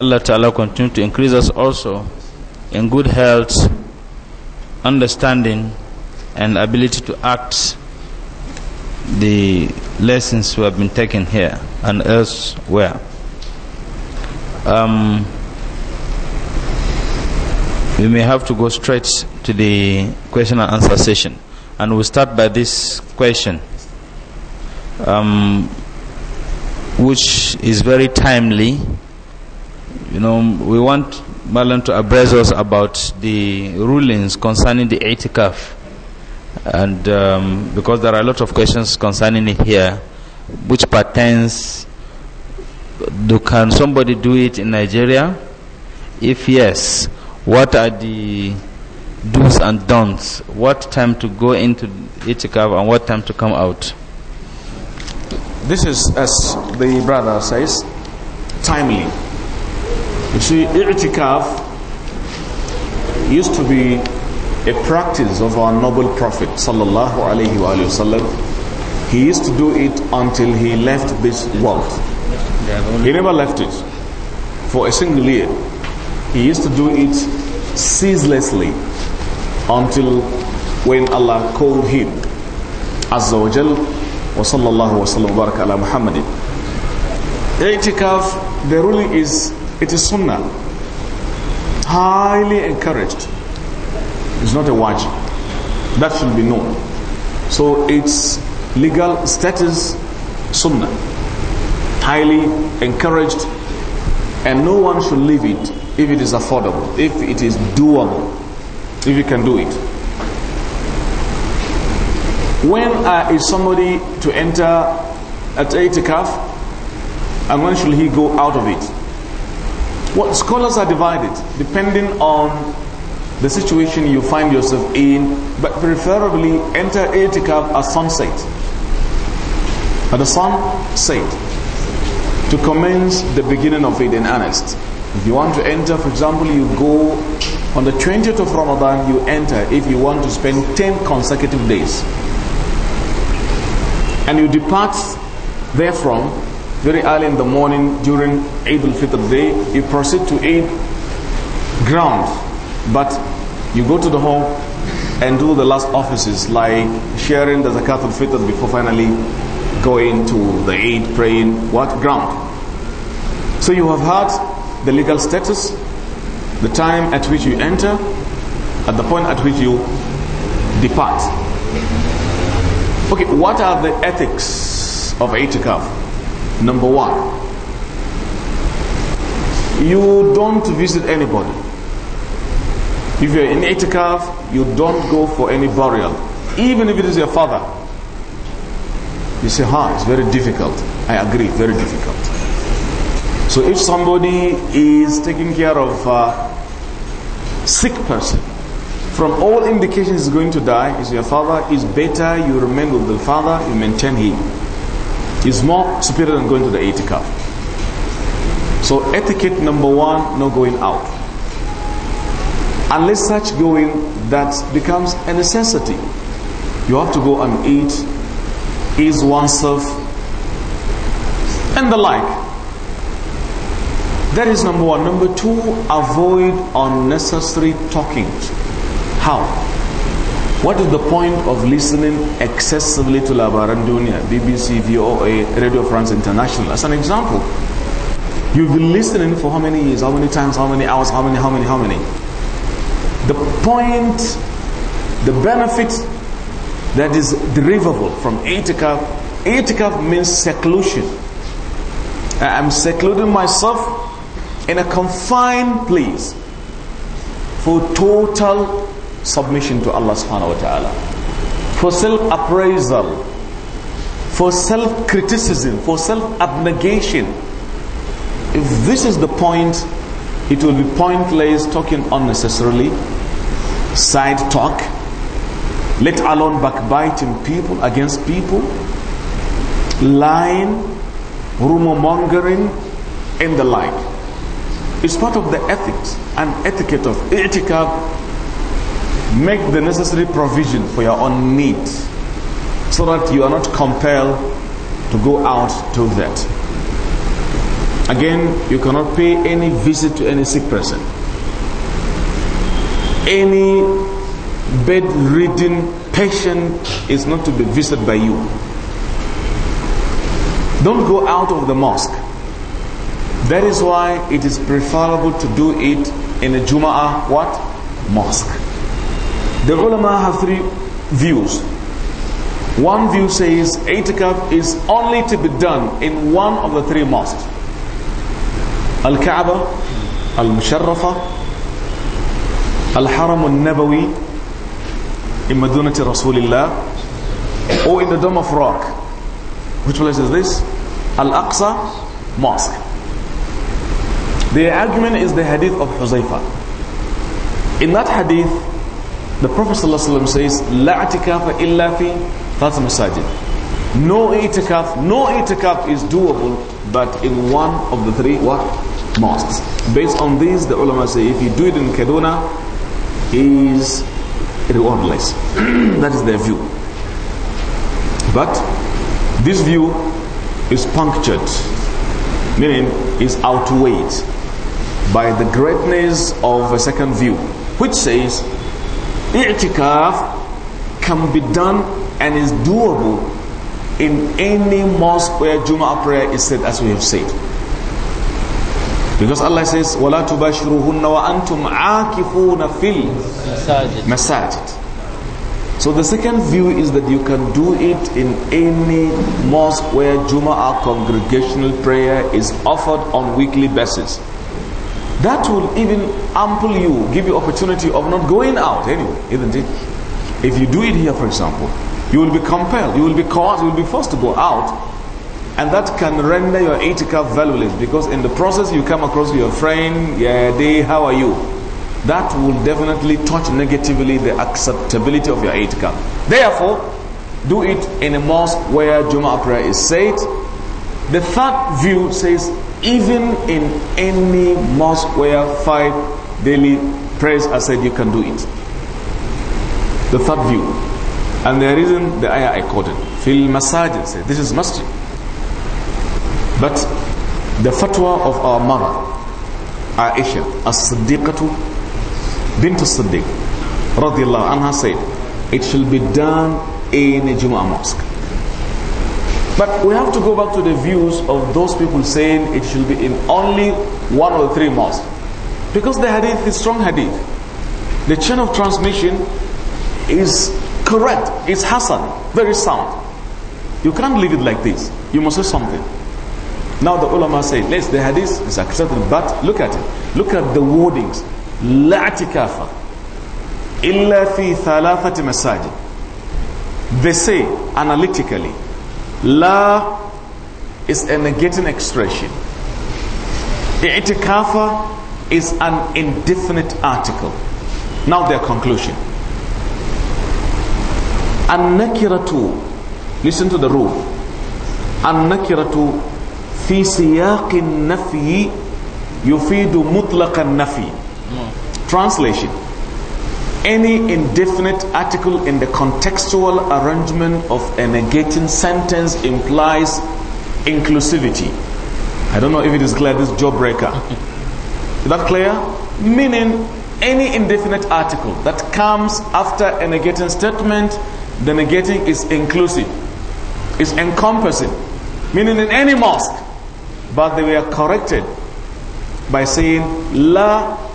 Allah Ta'ala continue to increase us also in good health, understanding, and ability to act the lessons we have been taken here and elsewhere. Um, we may have to go straight to the question and answer session. And we'll start by this question, um, which is very timely you know, we want Malan to address us about the rulings concerning the itikaf. And um, because there are a lot of questions concerning it here, which pertains do, can somebody do it in Nigeria? If yes, what are the do's and don'ts? What time to go into itikaf and what time to come out? This is, as the brother says, timely you see, i'tikaf used to be a practice of our noble prophet sallallahu alaihi wasallam. He used to do it until he left this world. He never left it for a single year. He used to do it ceaselessly until when Allah called him. Azza wa Jal wa sallallahu wa sallam baraka ala Muhammadin. I'tikaf, the ruling is it is sunnah. Highly encouraged. It's not a wajib. That should be known. So its legal status, sunnah. Highly encouraged. And no one should leave it if it is affordable, if it is doable, if you can do it. When uh, is somebody to enter at a itikaf and when should he go out of it? What scholars are divided depending on the situation you find yourself in, but preferably enter itikaf at sunset. At the sunset. To commence the beginning of it in earnest. If you want to enter, for example, you go on the 20th of Ramadan, you enter if you want to spend 10 consecutive days. And you depart therefrom very early in the morning during Eid al-Fitr day, you proceed to Eid ground, but you go to the home and do the last offices like sharing the Zakat al-Fitr before finally going to the Eid, praying, what ground? So you have had the legal status, the time at which you enter, at the point at which you depart. Okay, what are the ethics of itikaf? Number one, you don't visit anybody. If you're in itikaf, you don't go for any burial, even if it is your father. You say, ha, it's very difficult. I agree, very difficult. So if somebody is taking care of a sick person, from all indications is going to die, is your father, it's better you remain with the father, you maintain him is more superior than going to the itikaf. So etiquette number one, no going out. Unless such going that becomes a necessity. You have to go and eat, ease oneself, and the like. That is number one. Number two, avoid unnecessary talking. How? What is the point of listening excessively to La Dunia, BBC, VOA, Radio France International? As an example, you've been listening for how many years, how many times, how many hours, how many, how many, how many. The point, the benefit that is derivable from itikaf, itikaf means seclusion. I'm secluding myself in a confined place for total submission to Allah subhanahu wa ta'ala. For self-appraisal, for self-criticism, for self-abnegation. If this is the point, it will be pointless talking unnecessarily, side talk, let alone backbiting people against people, lying, rumor mongering, and the like. It's part of the ethics and etiquette of ethical make the necessary provision for your own need so that you are not compelled to go out to that. Again, you cannot pay any visit to any sick person, any bedridden patient is not to be visited by you. Don't go out of the mosque. That is why it is preferable to do it in a Jum'ah, what? Mosque. The ulama have three views. One view says itikaf is only to be done in one of the three mosques. Al-Kaaba, Al-Musharrafa, Al-Haram al-Nabawi, in Madinati Rasulillah, or in the Dome of Rock. Which place is this? Al-Aqsa Mosque. The argument is the hadith of Huzaifa. In that hadith, the Prophet ﷺ says, La atikafa illa fi masajid. No itikaf, no itikaf is doable but in one of the three what? mosques. Based on this, the ulama say if you do it in Kaduna, is rewardless. that is their view. But this view is punctured, meaning is outweighed by the greatness of a second view, which says i'tikaf can be done and is doable in any mosque where Jum'ah prayer is said as we have said. Because Allah says, وَلَا تُبَاشِرُهُنَّ وَأَنْتُمْ عَاكِفُونَ فِي الْمَسَاجِدِ So the second view is that you can do it in any mosque where Jummah congregational prayer is offered on weekly basis. That will even ample you, give you opportunity of not going out anyway, isn't it? If you do it here, for example, you will be compelled, you will be coerced, you will be forced to go out. And that can render your itikaf valueless because in the process you come across your friend, yeah, they, how are you? That will definitely touch negatively the acceptability of your itikaf. Therefore, do it in a mosque where Jum'ah prayer is said. The third view says even in any mosque where five daily prayers are said, you can do it. The third view. And the reason the ayah I quoted, fil masajid, said, this is masjid. But the fatwa of our mother, Aisha, as-siddiqatu, bint as-siddiq, radiyallahu anha said, it shall be done in a Juma mosque. But we have to go back to the views of those people saying it should be in only one or three mosques. Because the hadith is strong hadith. The chain of transmission is correct, it's Hassan, very sound. You can't leave it like this. You must say something. Now the ulama say, let's the hadith is accepted, but look at it. Look at the wordings. لا اعتكاف إلا في ثلاثة مساجد. They say analytically, La is a negating expression. I'tikafa is an indefinite article. Now their conclusion. An-nakiratu. Listen to the rule. An-nakiratu fi siyaqin nafi yufidu mutlaqan nafi. Translation any indefinite article in the contextual arrangement of a negating sentence implies inclusivity. I don't know if it is clear, this jawbreaker. is that clear? Meaning, any indefinite article that comes after a negating statement, the negating is inclusive, is encompassing. Meaning, in any mosque, but they were corrected by saying, La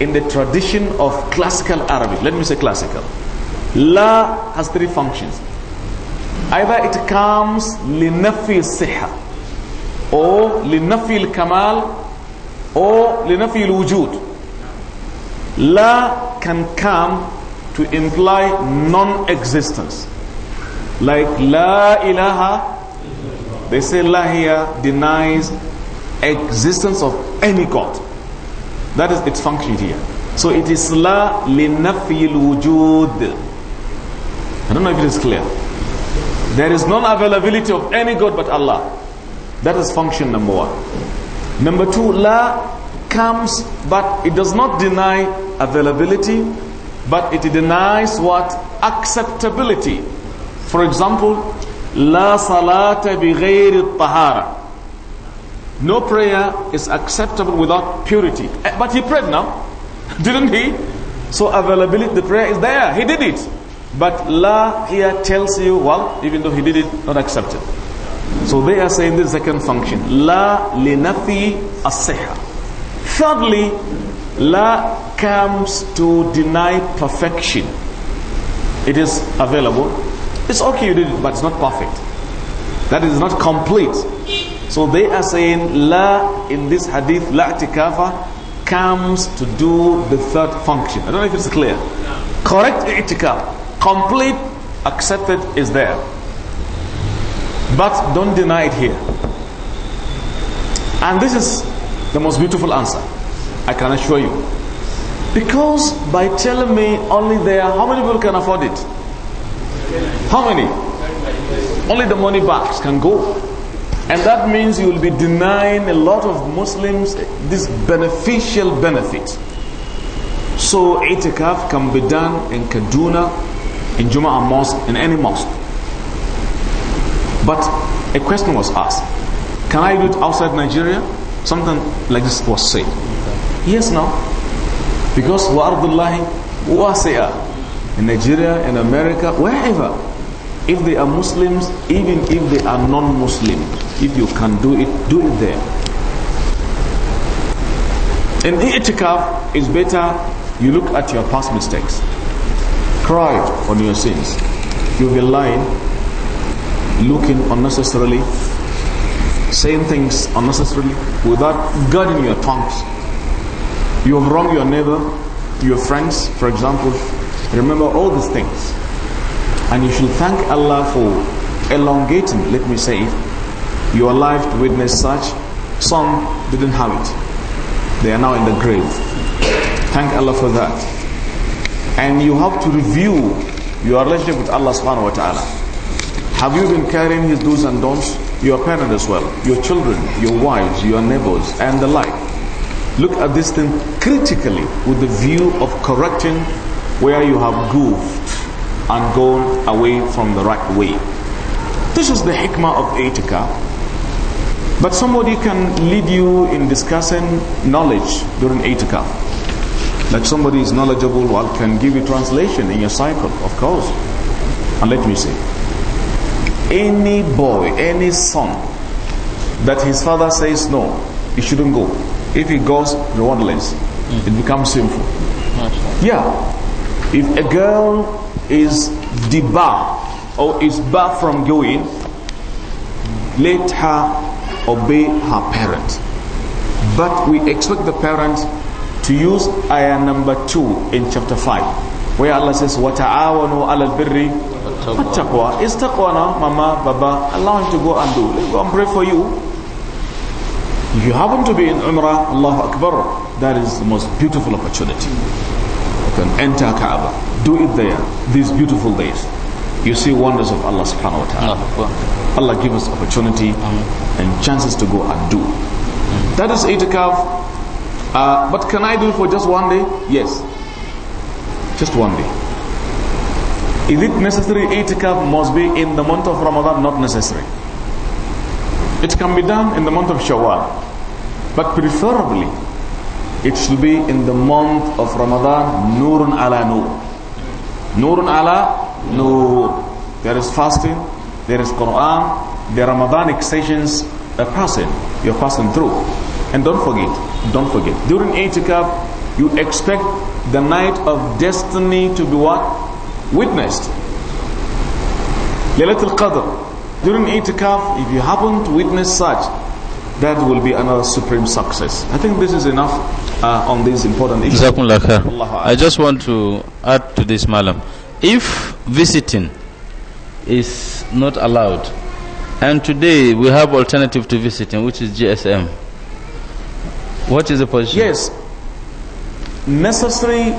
in the tradition of classical Arabic. Let me say classical. La has three functions. Either it comes لنفي الصحة or لنفي الكمال or لنفي الوجود. La can come to imply non-existence. Like La ilaha, they say La here denies existence of any God. That is its function here. So it is la linafil wujud. I don't know if it is clear. There is non-availability of any God but Allah. That is function number one. Number two, la comes, but it does not deny availability, but it denies what? Acceptability. For example, la salata bi ghayri tahara. No prayer is acceptable without purity. Eh, but he prayed now, didn't he? So availability, the prayer is there. He did it. But La here tells you, well, even though he did it, not accepted. So they are saying the second function. La linafi asiha. Thirdly, La comes to deny perfection. It is available. It's okay you did it, but it's not perfect. That is not complete. So they are saying la in this hadith la i'tikafa comes to do the third function. I don't know if it's clear. Correct i'tikaf, complete accepted is there. But don't deny it here. And this is the most beautiful answer. I can assure you. Because by telling me only there, how many people can afford it? How many? Only the money bags can go. And that means you will be denying a lot of Muslims this beneficial benefit. So itikaf can be done in Kaduna, in Jumu'ah mosque, in any mosque. But a question was asked. Can I do it outside Nigeria? Something like this was said. Yes, now. Because wa'ardullahi wasi'ah. In Nigeria, in America, wherever. If they are Muslims, even if they are non-Muslims if you can do it, do it there. In itikaf, it's better you look at your past mistakes. Cry on your sins. You'll be lying, looking unnecessarily, saying things unnecessarily without guarding your tongues. You have wronged your neighbor, your friends, for example. Remember all these things. And you should thank Allah for elongating, let me say it, your life to witness such. Some didn't have it. They are now in the grave. Thank Allah for that. And you have to review your relationship with Allah subhanahu wa ta'ala. Have you been carrying his do's and don'ts? Your parents as well, your children, your wives, your neighbors, and the like. Look at this thing critically with the view of correcting where you have goofed and gone away from the right way. This is the hikmah of etika but somebody can lead you in discussing knowledge during itikaf. That somebody is knowledgeable, or can give you translation in your cycle, of course. And let me say, any boy, any son, that his father says no, he shouldn't go. If he goes, rewardless, It becomes sinful. Yeah. If a girl is debarred or is barred from going, let her obey her parent. But we expect the parent to use ayah number 2 in chapter 5 where Allah says وَتَعَاوَنُوا عَلَى الْبِرِّ وَالتَّقْوَى Is taqwa now, mama, baba. Allow him to go and do. Let go and pray for you. If you happen to be in Umrah, Allahu Akbar, that is the most beautiful opportunity. You can enter Kaaba. Do it there, these beautiful days you see wonders of Allah subhanahu wa ta'ala. Allah give us opportunity and chances to go and do. That is itikaf. Uh, but can I do it for just one day? Yes. Just one day. Is it necessary? Itikaf must be in the month of Ramadan, not necessary. It can be done in the month of Shawwal. But preferably, it should be in the month of Ramadan, Nurun ala Nur. Nurun ala no. There is fasting, there is Quran, there are extensions. sessions a person you're passing through. And don't forget, don't forget. During itikaf, you expect the night of destiny to be what? Witnessed. Laylatul Qadr. During itikaf, if you happen to witness such, that will be another supreme success. I think this is enough uh, on this important issue. I just want to add to this, Malam if visiting is not allowed and today we have alternative to visiting which is GSM what is the position yes necessary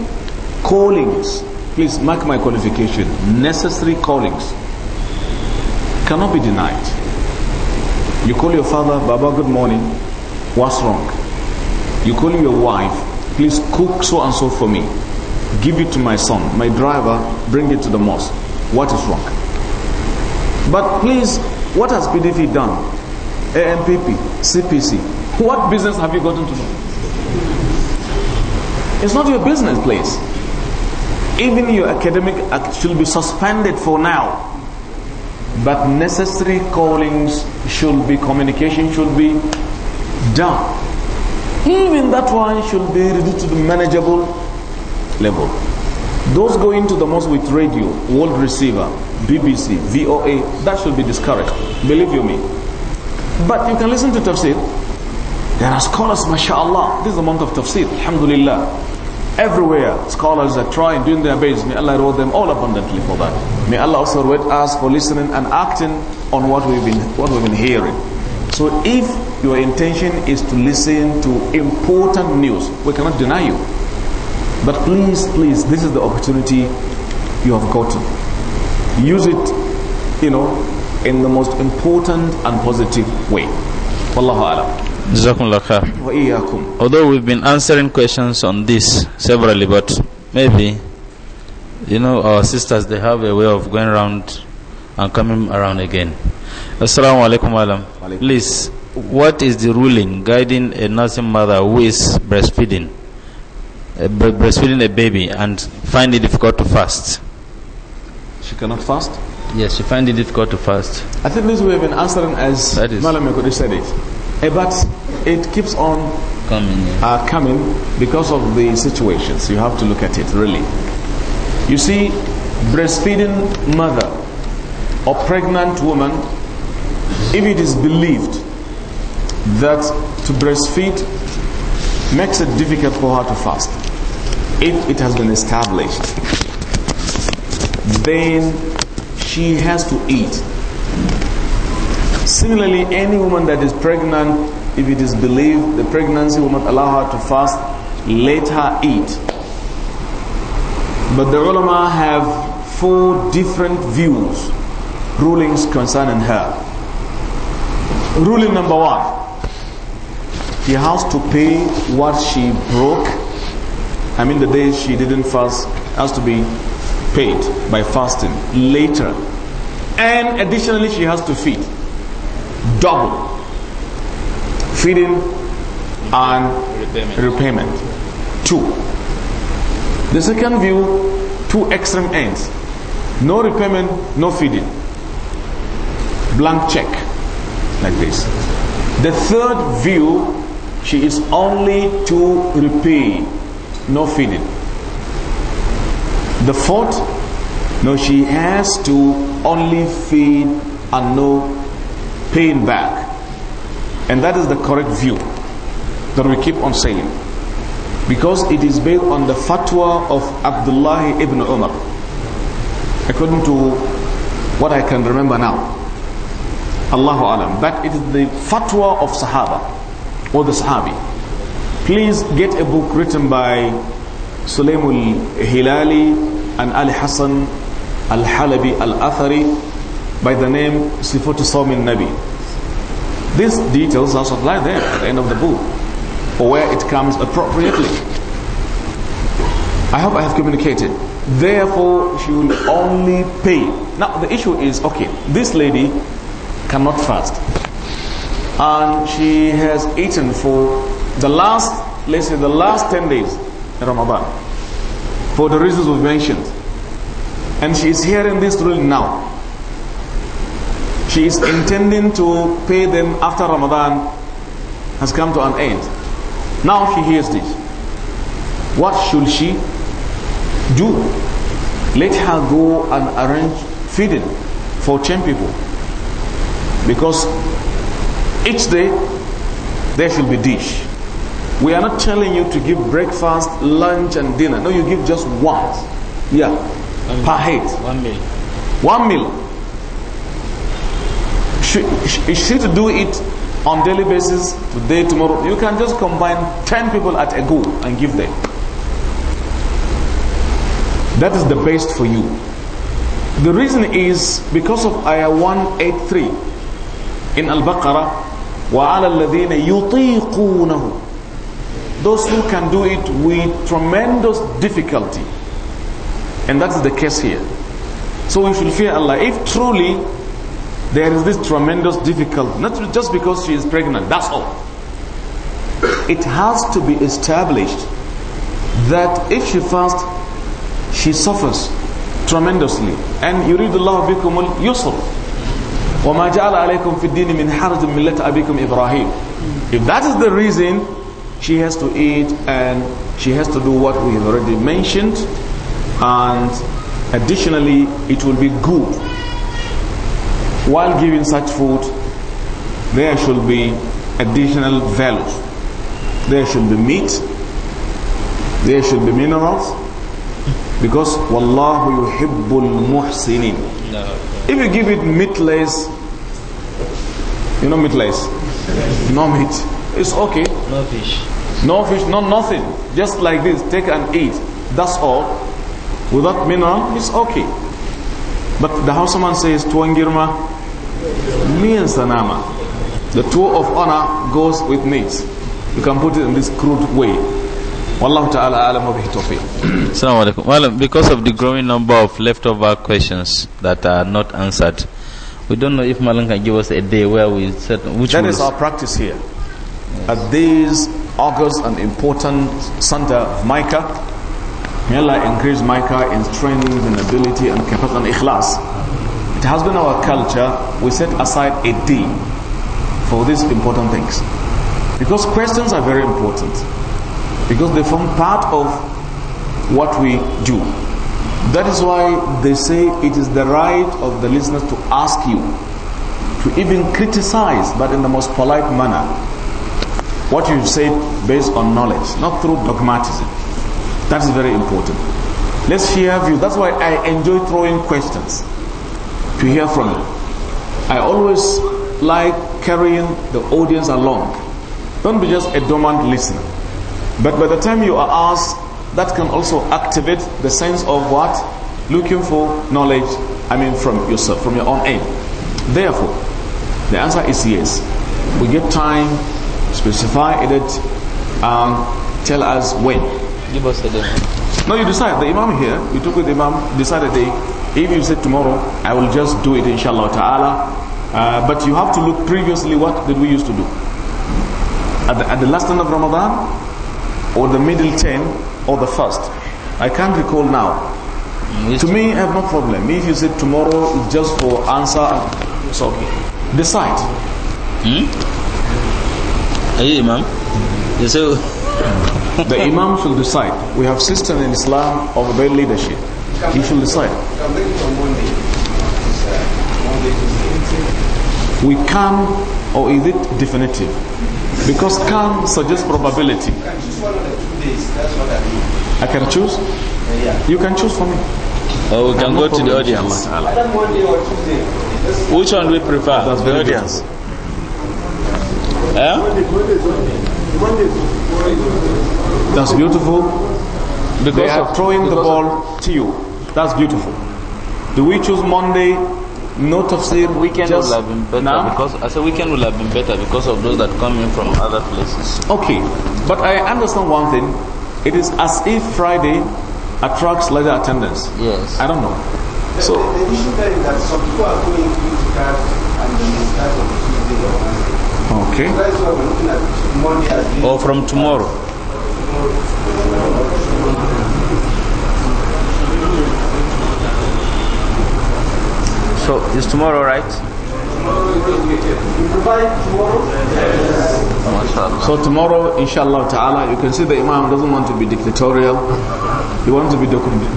callings please mark my qualification necessary callings cannot be denied you call your father baba good morning what's wrong you call your wife please cook so and so for me give it to my son, my driver, bring it to the mosque. What is wrong? But please, what has PDP done? AMPP, CPC. What business have you gotten to know? It's not your business, please. Even your academic act should be suspended for now. But necessary callings should be, communication should be done. Even that one should be reduced to the manageable level. Those going to the mosque with radio, world receiver, BBC, VOA, that should be discouraged. Believe you me. But you can listen to tafsir. There are scholars, mashallah. This is the month of tafsir, alhamdulillah. Everywhere, scholars are trying, doing their best. May Allah reward them all abundantly for that. May Allah also reward us for listening and acting on what we've been, what we've been hearing. So if your intention is to listen to important news, we cannot deny you. But please, please, this is the opportunity you have gotten. Use it, you know, in the most important and positive way. Wallahu alam. Although we've been answering questions on this severally, but maybe, you know, our sisters, they have a way of going around and coming around again. Assalamu alaikum alam. Please, what is the ruling guiding a nursing mother who is breastfeeding? Uh, breastfeeding a baby and find it difficult to fast? She cannot fast? Yes, she find it difficult to fast. I think this we have been answering as Malam have said it. Eh, but it keeps on coming, yeah. uh, coming because of the situations. You have to look at it, really. You see, breastfeeding mother or pregnant woman, if it is believed that to breastfeed makes it difficult for her to fast if it has been established, then she has to eat. Similarly, any woman that is pregnant, if it is believed the pregnancy will not allow her to fast, let her eat. But the ulama have four different views, rulings concerning her. Ruling number one, she has to pay what she broke I mean the day she didn't fast has to be paid by fasting later. And additionally, she has to feed. Double. Feeding and repayment. repayment. Two. The second view, two extreme ends. No repayment, no feeding. Blank check. Like this. The third view, she is only to repay no feeding. The fourth, no, she has to only feed and no paying back. And that is the correct view that we keep on saying. Because it is based on the fatwa of Abdullah ibn Umar. According to what I can remember now. Allahu Alam. But it is the fatwa of Sahaba or the Sahabi. Please get a book written by Sulaimul Hilali and Ali Hassan Al-Halabi Al-Athari by the name Sifat Sawmin Nabi. These details are supplied there at the end of the book or where it comes appropriately. I hope I have communicated. Therefore, she will only pay. Now, the issue is, okay, this lady cannot fast. And she has eaten for the last, let's say the last 10 days in Ramadan, for the reasons we've mentioned. And she is hearing this really now. She is intending to pay them after Ramadan has come to an end. Now she hears this. What should she do? Let her go and arrange feeding for 10 people. Because each day there should be dish. We are not telling you to give breakfast, lunch, and dinner. No, you give just one. Yeah. One per head. One meal. One meal. She, should she to do it on daily basis, today, tomorrow. You can just combine 10 people at a go and give them. That is the best for you. The reason is because of ayah 183 in Al-Baqarah وَعَلَى الَّذِينَ يُطِيقُونَهُ those who can do it with tremendous difficulty. And that's the case here. So we should fear Allah. If truly there is this tremendous difficulty, not just because she is pregnant, that's all. It has to be established that if she fasts, she suffers tremendously. And you read Allah bikumul yusr. وَمَا جَعَلَ عَلَيْكُمْ فِي الدِّينِ مِنْ حَرَجٍ مِلَّةَ أَبِيكُمْ إِبْرَاهِيمَ If that is the reason, she has to eat and she has to do what we have already mentioned. And additionally, it will be good. While giving such food, there should be additional values. There should be meat. There should be minerals. Because Wallahu yuhibbul muhsinin. If you give it meatless, you know meatless? No meat it's okay. No fish. No fish, no nothing. Just like this, take and eat. That's all. Without mineral, it's okay. But the house man says, Tuan Girma, me and Sanama. The tour of honor goes with meat. You can put it in this crude way. Wallahu ta'ala alam wa Well, because of the growing number of leftover questions that are not answered, we don't know if Malan can give us a day where we set which That is our practice here. At this august and important center of Micah, may Allah increase Micah in strength and ability and capacity and ikhlas. It has been our culture, we set aside a day for these important things. Because questions are very important. Because they form part of what we do. That is why they say it is the right of the listeners to ask you, to even criticize, but in the most polite manner what you've said based on knowledge, not through dogmatism. That is very important. Let's hear you. That's why I enjoy throwing questions to hear from you. I always like carrying the audience along. Don't be just a dormant listener. But by the time you are asked, that can also activate the sense of what? Looking for knowledge, I mean from yourself, from your own aim. Therefore, the answer is yes. We get time Specify it and um, tell us when. Give us the day. No, you decide. The Imam here, we took with the Imam, decided day. If you said tomorrow, I will just do it inshallah ta'ala. Uh, but you have to look previously what did we used to do. At the, at the last end of Ramadan or the middle 10 or the first. I can't recall now. Mm, to me, I have no problem. If you said tomorrow just for answer, it's okay. Decide. Hmm? Are Imam? Yes, sir. the Imam should decide. We have system in Islam of their leadership. He should decide. We can, or is it definitive? Because can suggests probability. I can choose? You can choose for me. Oh, we can go to the audience. Which one do we prefer? That's the audience. Good. That's beautiful. Because they are throwing because the ball to you. That's beautiful. Do we choose Monday? No tafsir. Weekend just would have been better now? because I say weekend will have been better because of those that come in from other places. Okay, but I understand one thing. It is as if Friday attracts lesser attendance. Yes. I don't know. so the issue there is that some people are going to cars and then they start on Tuesday or Wednesday. Okay. Or oh, from tomorrow. So it's tomorrow, right? So tomorrow, inshallah ta'ala, you can see the Imam doesn't want to be dictatorial. He wants to be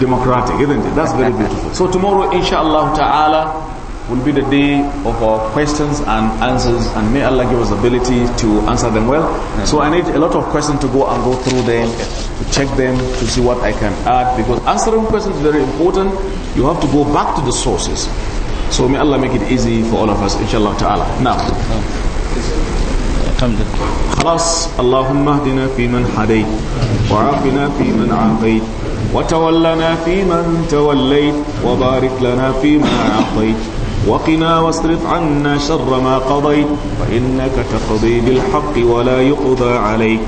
democratic, isn't it? That's very beautiful. So tomorrow, inshallah ta'ala, will be the day of our questions and answers and may Allah give us the ability to answer them well. So I need a lot of questions to go and go through them, to check them, to see what I can add because answering questions is very important. You have to go back to the sources. So may Allah make it easy for all of us, inshallah ta'ala. Now. الحمد خلاص اللهم اهدنا فيمن هديت وعافنا فيمن عافيت وتولنا فيمن توليت وبارك لنا فيما أعطيت وقنا واصرف عنا شر ما قضيت فإنك تقضي بالحق ولا يقضى عليك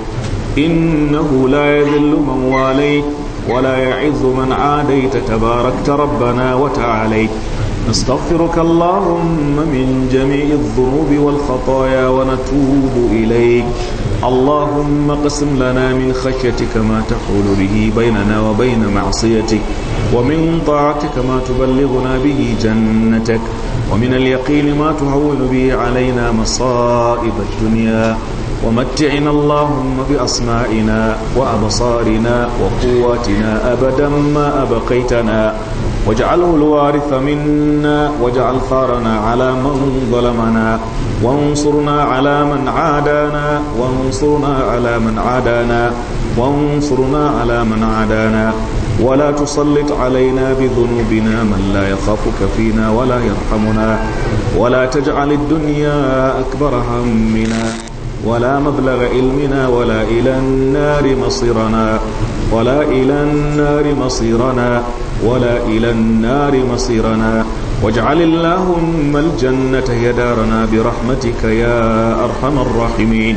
إنه لا يذل من واليت ولا يعز من عاديت تباركت ربنا وتعاليت نستغفرك اللهم من جميع الذنوب والخطايا ونتوب إليك اللهم قسم لنا من خشيتك ما تحول به بيننا وبين معصيتك ومن طاعتك ما تبلغنا به جنتك ومن اليقين ما تهون به علينا مصائب الدنيا ومتعنا اللهم بأسمائنا وأبصارنا وقواتنا أبدا ما أبقيتنا واجعله الوارث منا واجعل ثارنا على من ظلمنا وانصرنا على من عادانا وانصرنا على من عادانا وانصرنا على من عادانا ولا تسلط علينا بذنوبنا من لا يخافك فينا ولا يرحمنا ولا تجعل الدنيا أكبر همنا ولا مبلغ علمنا ولا إلى النار مصيرنا ولا إلى النار مصيرنا ولا إلى النار مصيرنا واجعل اللهم الجنة هي دارنا برحمتك يا أرحم الراحمين